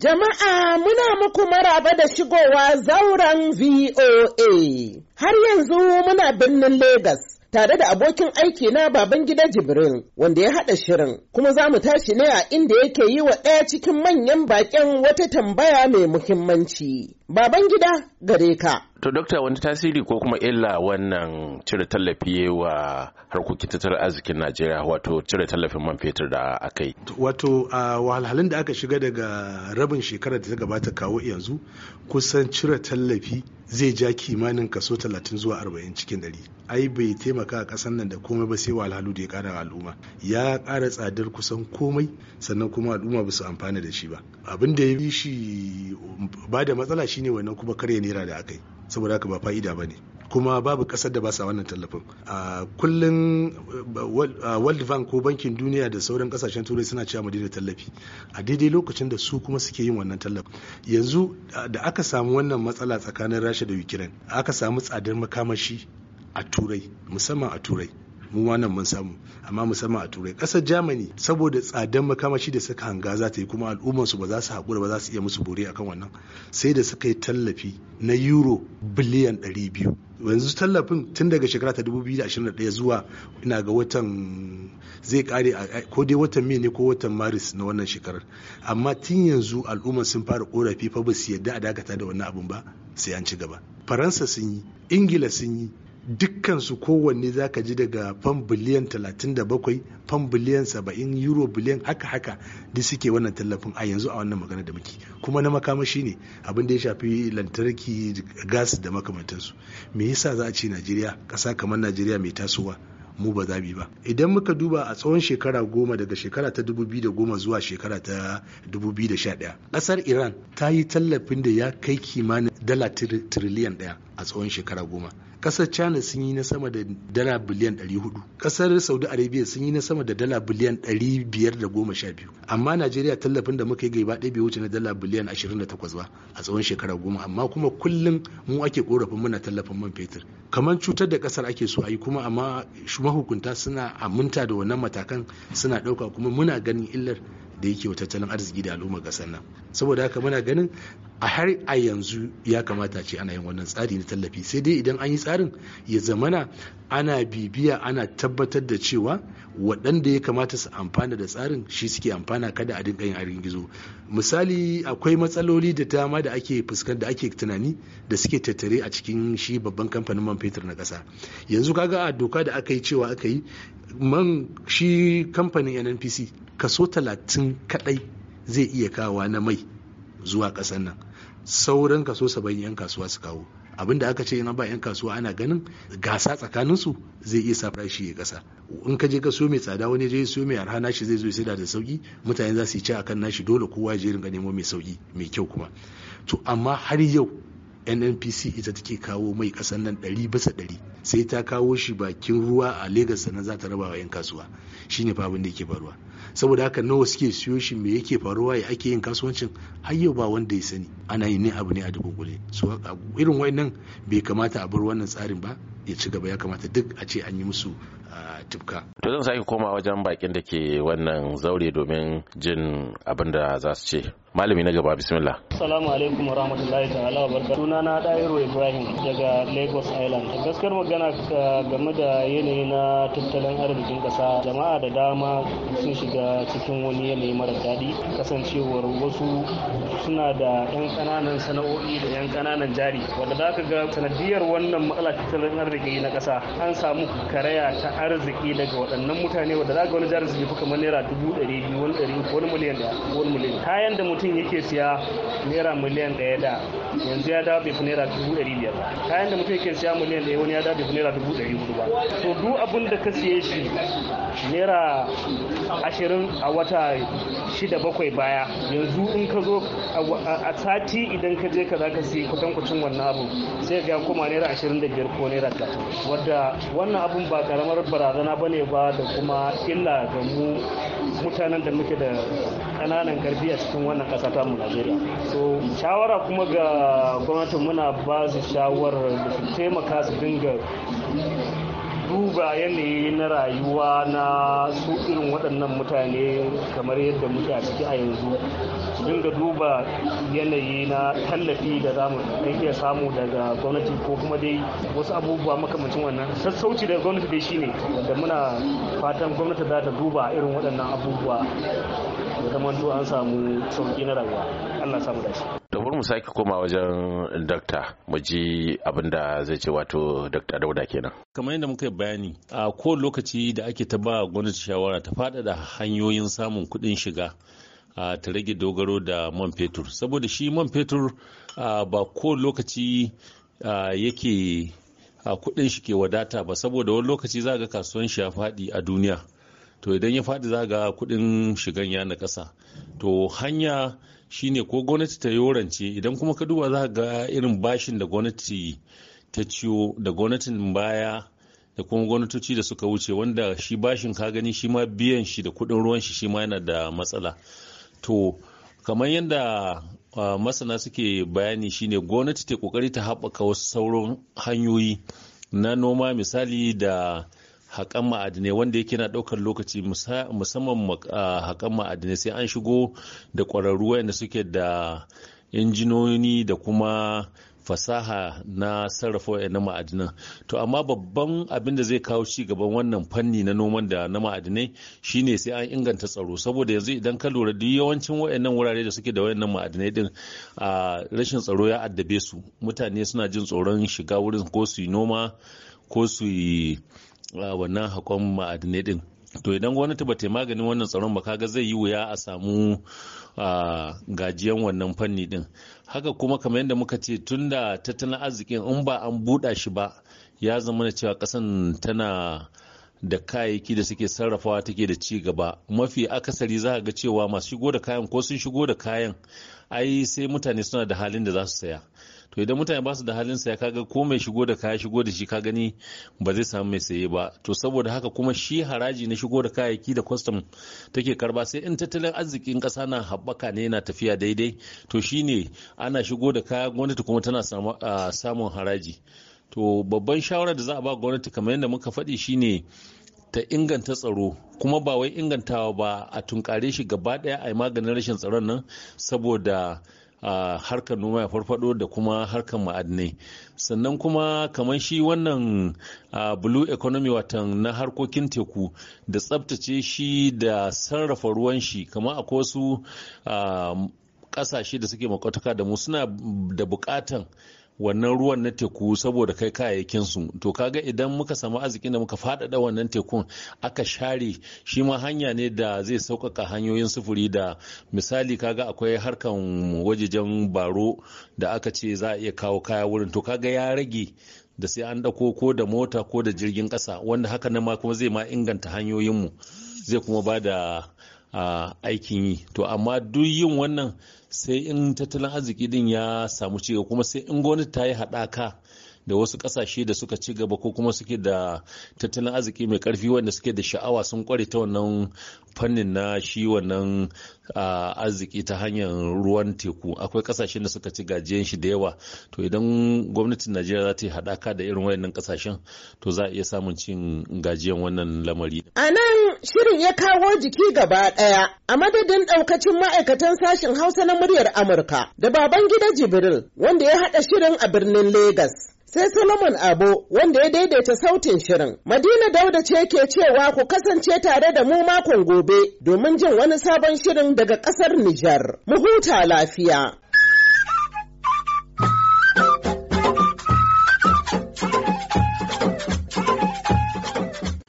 Jama'a muna muku maraba da shigowa zauren VOA. Har yanzu muna birnin Legas tare da abokin aiki na baban gida jibril wanda ya haɗa shirin kuma za mu tashi ne a inda yake yi wa ɗaya cikin manyan baƙin wata tambaya mai muhimmanci. Baban gida gare ka. To dokta wani tasiri ko kuma illa wannan cire tallafi wa harkokin tattalin arzikin Najeriya wato cire tallafin man fetur da aka yi. Wato a wahalhalun da aka shiga daga rabin shekarar da ta gabata kawo yanzu kusan cire tallafi zai ja kimanin kaso 30 zuwa 40 cikin 100 ai bai taimaka a kasan nan da komai ba sai walhalu da ya kara al'umma ya kara tsadar kusan komai sannan kuma al'umma ba su amfana da shi ba abin da ya bi shi ba da matsala shine wannan kuma karya naira da aka yi saboda haka ba fa'ida ba ne kuma babu kasar da ba sa wannan tallafin a kullun world bank ko bankin duniya da sauran kasashen turai suna cewa mu daina tallafi a daidai lokacin da su kuma suke yin wannan tallafin yanzu da aka samu wannan matsala tsakanin rasha da ukraine aka samu tsadar makamashi a turai musamman a turai mu wannan mun samu amma musamman a turai kasar germany saboda tsadar makamashi da suka hanga za ta yi kuma al'ummarsu ba za su haƙura ba za su iya musu bore akan wannan sai da suka yi tallafi na euro biliyan 200 yanzu tallafin tun daga shekara ta 2021 zuwa ina ga watan zai kare ko dai watan mai ne ko watan maris na wannan shekarar amma tun yanzu al'umma sun fara korafi fa ba su yadda a dakata da wannan abun ba sai an ci gaba faransa sun yi ingila sun yi dukkansu kowanne za ka ji daga fan biliyan 37 fan biliyan 70 euro biliyan haka haka da suke wannan tallafin a yanzu a wannan magana da muke kuma na makamashi ne abin da ya shafi lantarki gas da makamantansu me yasa za a ce najeriya kasa kamar najeriya mai tasowa mu ba zabi ba idan muka duba a tsawon shekara goma daga shekara ta 2010 zuwa shekara ta 2011 kasar iran ta yi tallafin da ya kai kimanin dala tiriliyan daya a tsawon shekara goma kasar china sun yi na sama da dala biliyan 400 kasar saudi arabia sun yi na sama da dala biliyan 512 amma najeriya tallafin da muka yi gaba ɗaya bai wuce na dala biliyan 28 ba a tsawon shekara goma amma kuma kullum mu ake korafin muna tallafin man fetur kamar cutar da kasar ake so a yi kuma amma mahukunta suna aminta da wannan matakan suna ɗauka kuma muna ganin illar da yake wa tattalin arziki da al'umma kasar nan saboda haka muna ganin a har a yanzu ya kamata ce ana yin wannan tsari na tallafi sai dai idan an yi tsarin ya zamana ana bibiya ana tabbatar da cewa waɗanda ya kamata su amfana da tsarin shi suke amfana kada a dinga yin arin gizo misali akwai matsaloli da dama da ake fuskanta da ake tunani da suke tattare a cikin shi babban kamfanin man fetur na kasa yanzu kaga a doka da aka yi cewa aka yi man shi kamfanin nnpc kaso talatin kadai zai iya kawa na mai zuwa ƙasar nan sauran kaso saba'in 'yan kasuwa su kawo abinda aka ce yana ba 'yan kasuwa ana ganin gasa tsakaninsu zai iya sa shi ya kasa in ka je ka mai tsada wani je so mai arha nashi zai zo sai da sauki mutane za su yi ci akan nashi dole kowa je ringa nemo mai sauki mai kyau kuma to amma har yau nnpc ita take kawo mai kasan nan ɗari bisa ɗari sai ta kawo shi bakin ruwa a Legas sannan za ta raba wa 'yan kasuwa shine fa abin da yake faruwa saboda haka nawa suke siyo shi me yake faruwa ya ake yin kasuwancin har yau ba wanda ya sani ana yin ne abu ne a dubunkule so irin wayannan bai kamata a bar wannan tsarin ba ya ci gaba ya kamata duk a ce an yi musu Tibka. To zan sake koma wajen bakin da ke wannan zaure domin jin abin da za su ce. malami na gaba bismillah assalamu alaikum warahmatullahi ta'ala wa barka suna na dairu ibrahim daga lagos island Gaskar magana game da yanayi na tattalin arzikin kasa jama'a da dama sun shiga cikin wani yanayi mara daɗi kasancewar wasu suna da yan ƙananan sana'o'i da yan ƙananan jari wanda za ka ga sanadiyar wannan matsalar tattalin arziki na kasa an samu karaya ta arziki daga waɗannan mutane wadda za ka wani jarin su fuka man naira dubu ɗari biyu wani ɗari uku wani miliyan ɗaya wani miliyan kayan da mutum yake siya naira miliyan ɗaya da yanzu ya dawo bai fi naira dubu ɗari biyar ba kayan da mutum yake siya miliyan ɗaya wani ya dawo bai fi naira dubu ɗari hudu ba to duk abin da ka siye shi naira ashirin a wata shida bakwai baya yanzu in ka zo a sati idan ka je ka za ka siya kucin wannan abu sai ga kuma naira ashirin da biyar ko naira talatin wadda wannan abun ba karamar barazana ba ne ba da kuma illa ga mu mutanen da muke da ƙananan karfi a cikin wannan ƙasa ta mu Najeriya. So shawara kuma ga gwamnatin muna ba su shawarar da su taimaka su dinga duba yanayi na rayuwa na su irin waɗannan mutane kamar yadda muke a ciki a yanzu dinga duba yanayi na tallafi da zamu iya samu daga gwamnati ko kuma dai wasu abubuwa makamancin wannan sassauci daga gwamnati dai shine da muna fatan gwamnati za ta duba irin waɗannan abubuwa da zama an samu sauki na rayuwa Allah samu dashi da mu sake koma wajen dakta mu ji abin da zai ce wato dakta dauda kenan kamar yadda muka bayani a ko lokaci da ake ta ba gwamnati shawara ta faɗaɗa hanyoyin samun kuɗin shiga ta rage dogaro da man fetur saboda shi man fetur ba ko lokaci yake kudin shi ke wadata ba saboda wani lokaci za ga kasuwan shi ya faɗi a duniya to idan ya faɗi za ga kudin shigan ya na kasa to hanya shine ko gwamnati ta yorance idan kuma ka duba za ga irin bashin da gwamnati ta ciyo da gwamnatin baya da kuma gwamnatoci da suka wuce wanda shi bashin ka gani shi ma biyan shi da kudin ruwan shi shi ma yana da matsala to kamar yadda masana suke bayani shine gwamnati ta kokari ta haɓaka wasu sauran hanyoyi na noma misali da haƙan ma'adinai wanda yake na ɗaukar lokaci musamman haƙan ma'adinai sai an shigo da ƙwararru da suke da injinoni da kuma fasaha na sarrafa na ma'adinan to amma babban abin da zai kawo ci gaban wannan fanni na noman da na ma'adinai shine sai an inganta tsaro saboda yanzu idan ka lura duk yawancin wayannan wurare da suke da wayannan ma'adinai din a rashin tsaro ya addabe su mutane suna jin tsoron shiga wurin ko su yi noma ko su yi wannan hakon ma'adinai din to idan gwamnati ba ta maganin wannan tsaron ba kaga zai yi wuya a samu gajiyan wannan fanni din haka kuma kamar yadda muka ce tun da tattalin arzikin in ba an buɗa shi ba ya zama da cewa ƙasan tana da kayayyaki da suke sarrafawa take da ci gaba mafi akasari za a ga cewa masu shigo da kayan ko sun shigo da kayan ai sai mutane suna da halin da za su saya to idan mutane ba su da halin saya kaga ko mai shigo da kaya shigo da shi ka gani ba zai samu mai saye ba to saboda haka kuma shi haraji na shigo da kayayyaki da kwastam take karba sai in tattalin arzikin kasa na haɓaka ne yana tafiya daidai to shine ana shigo da kaya gwamnati kuma tana samun haraji to babban shawarar da za a ba gwamnati kamar yadda muka faɗi shine ta inganta tsaro kuma ba wai ingantawa ba a tunkare shi gaba ɗaya a yi maganin rashin tsaron nan saboda a harkar noma ya farfado da kuma harkar ma'adinai sannan kuma kamar shi wannan blue economy watan na harkokin teku da tsabtace shi da sarrafa ruwan shi kamar akwai wasu kasashe da suke makwataka da mu suna da bukatan wannan ruwan na teku saboda kai kayayyakin su to kaga idan muka samu arzikin da muka faɗaɗa wannan tekun aka share shi ma hanya ne da zai sauƙaƙa hanyoyin sufuri da misali kaga akwai harkan wajejen baro da aka ce za a iya kawo kaya wurin to kaga ya rage da sai an ɗauko ko da mota ko da jirgin ƙasa wanda haka na ma kuma zai ma inganta hanyoyinmu zai kuma ba da aikin yi to amma duk yin wannan sai in tattalin arziki din ya samu cigaba kuma sai in gwamnati ta yi haɗaka da wasu kasashe da suka ci gaba ko kuma suke da tattalin arziki mai karfi wanda suke da sha'awa sun kware ta wannan fannin na shi wannan arziki ta hanyar ruwan teku akwai kasashen da suka ci gajiyan shi da yawa to idan gwamnatin najeriya za ta yi haɗaka da irin wayannan kasashen to za a iya samun cin gajiyan wannan lamari a nan shirin ya kawo jiki gaba ɗaya a madadin ɗaukacin ma'aikatan sashen hausa na muryar amurka da baban gida jibril wanda ya haɗa shirin a birnin Legas. sai Solomon Abo wanda ya daidaita sautin shirin. Madina Dauda ce ke cewa ku kasance tare da mu makon gobe domin jin wani sabon shirin daga ƙasar Nijar. Mu huta lafiya.